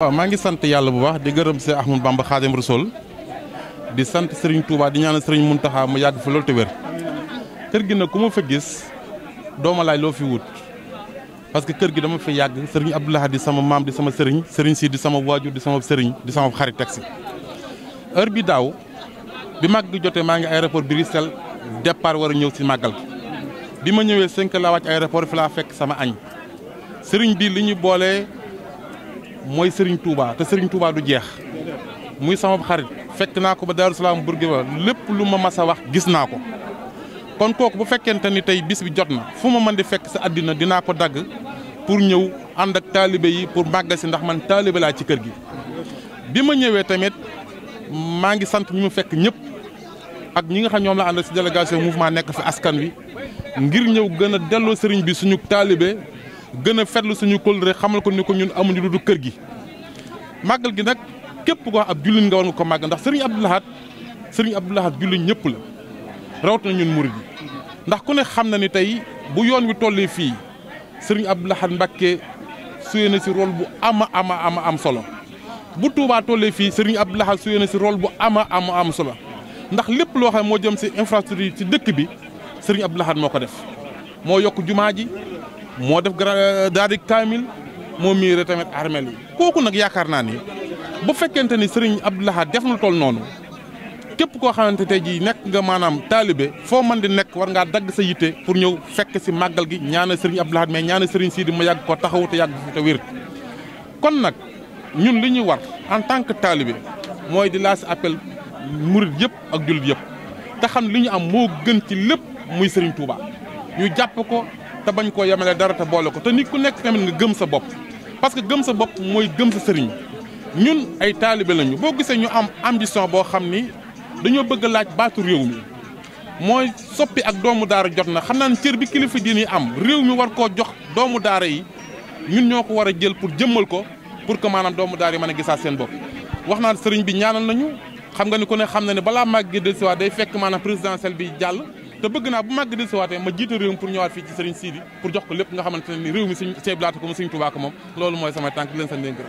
waaw maa ngi sant yàlla bu baax di gërëm si Ahmadou Bamba Xaadim Rasul di sant Serigne Touba di ñaanal Serigne Mountakha mu yàgg fi loolu te wér kër gi na ku ma fa gis dooma laay loo fi wut parce que kër gi dama fa yàgg Serigne Abdoulaye di sama maam di sama Serigne Serigne si di sama waajur di sama Serigne di sama xarit teg si heure bi daaw bi màgg jotee maa ngi aéroport Bruxelles départ war a ñëw si màggal bi ma ñëwee 5 laa wàcc aéroport fi laa fekk sama añ mooy Serigne Touba te Serigne Touba du jeex muy sama xarit fekk naa ko ba Darou Salaam Bourguiba lépp lu ma masa wax gis naa ko kon kooku bu fekkente ni tey bis bi jot na fu ma mën di fekk sa àddina dinaa ko dagg pour ñëw ànd ak taalibe yi pour màggal si ndax man taalibe laa ci kër gi. bi ma ñëwee tamit maa ngi sant ñu mu fekk ñëpp ak ñi nga xam ñoom la ànd si délégation maa nekk fi askan wi ngir ñëw gën a delloo sëriñ bi suñu taalibe gën a fetlu suñu kóllëre xamal ko nu ko ñun amuñu lu du kër gi màggal gi nag képp ko ab jullit nga war nga ko màgg ndax sëriñ Abdou Lahad sëriñ Abdou Lahad jullit ñëpp la rawatina ñun murid yi ndax ku ne xam na ni tey bu yoon wi tollee fii sëriñ Abdou Lahad Mbacké suyee na si rôle bu ama ama ama am solo bu Touba tollee fii sëriñ Abdou Lahad su na si rôle bu ama ama am solo ndax lépp loo xam moo jëm si infrastructure ci dëkk bi sëriñ ab Lahad moo ko def moo def grand euh, daal di kaamil moo miire tamit armel yi kooku nag yaakaar naa ni bu fekkente ni sëriñ Abdou Lahad def na toll noonu képp koo xamante tey jii nekk nga maanaam taalibe foo mën di nekk war ngaa dagg sa yitte pour ñëw fekk si màggal gi ñaanal sëriñ Abdou Lahad mais ñaanal sii di ma yàgg ko taxaw te yàgg te wér. kon nag ñun li ñuy war en tant que taalibe mooy di laas appel murit yëpp ak jullit yëpp te xam li ñu am moo gën ci lépp muy sëriñ Touba jàpp ko. te bañ koo yemale dara te boole ko te nit ku nekk tamit nga gëm sa bopp parce que gëm sa bopp mooy gëm sa sëriñ ñun ay taalibe lañu boo gisee ñu am ambition boo xam ni dañoo bëgg laaj baatu réew mi mooy soppi ak doomu daara jot na xam naa ne cër bi kilifa ni am réew mi war koo jox doomu daara yi ñun ñoo ko war a jël pour jëmmal ko pour que maanaam doomu daara yi mën a gisaat seen bopp. wax naa sëriñ bi ñaanal nañu xam nga ni ko ne xam na ne balaa màgg gi dellusiwaat day fekk maanaam présidentielle bi jàll. te bëgg naa bu màgg del siwaatee ma jiitu réew mi pour ñëwaat sëriñ Sidi pour jox ko lépp nga xamante ne ni réew mi sëñ seeblaata ko mu sëñ Tuubaa ko moom loolu mooy sama tànk di leen sa ndénk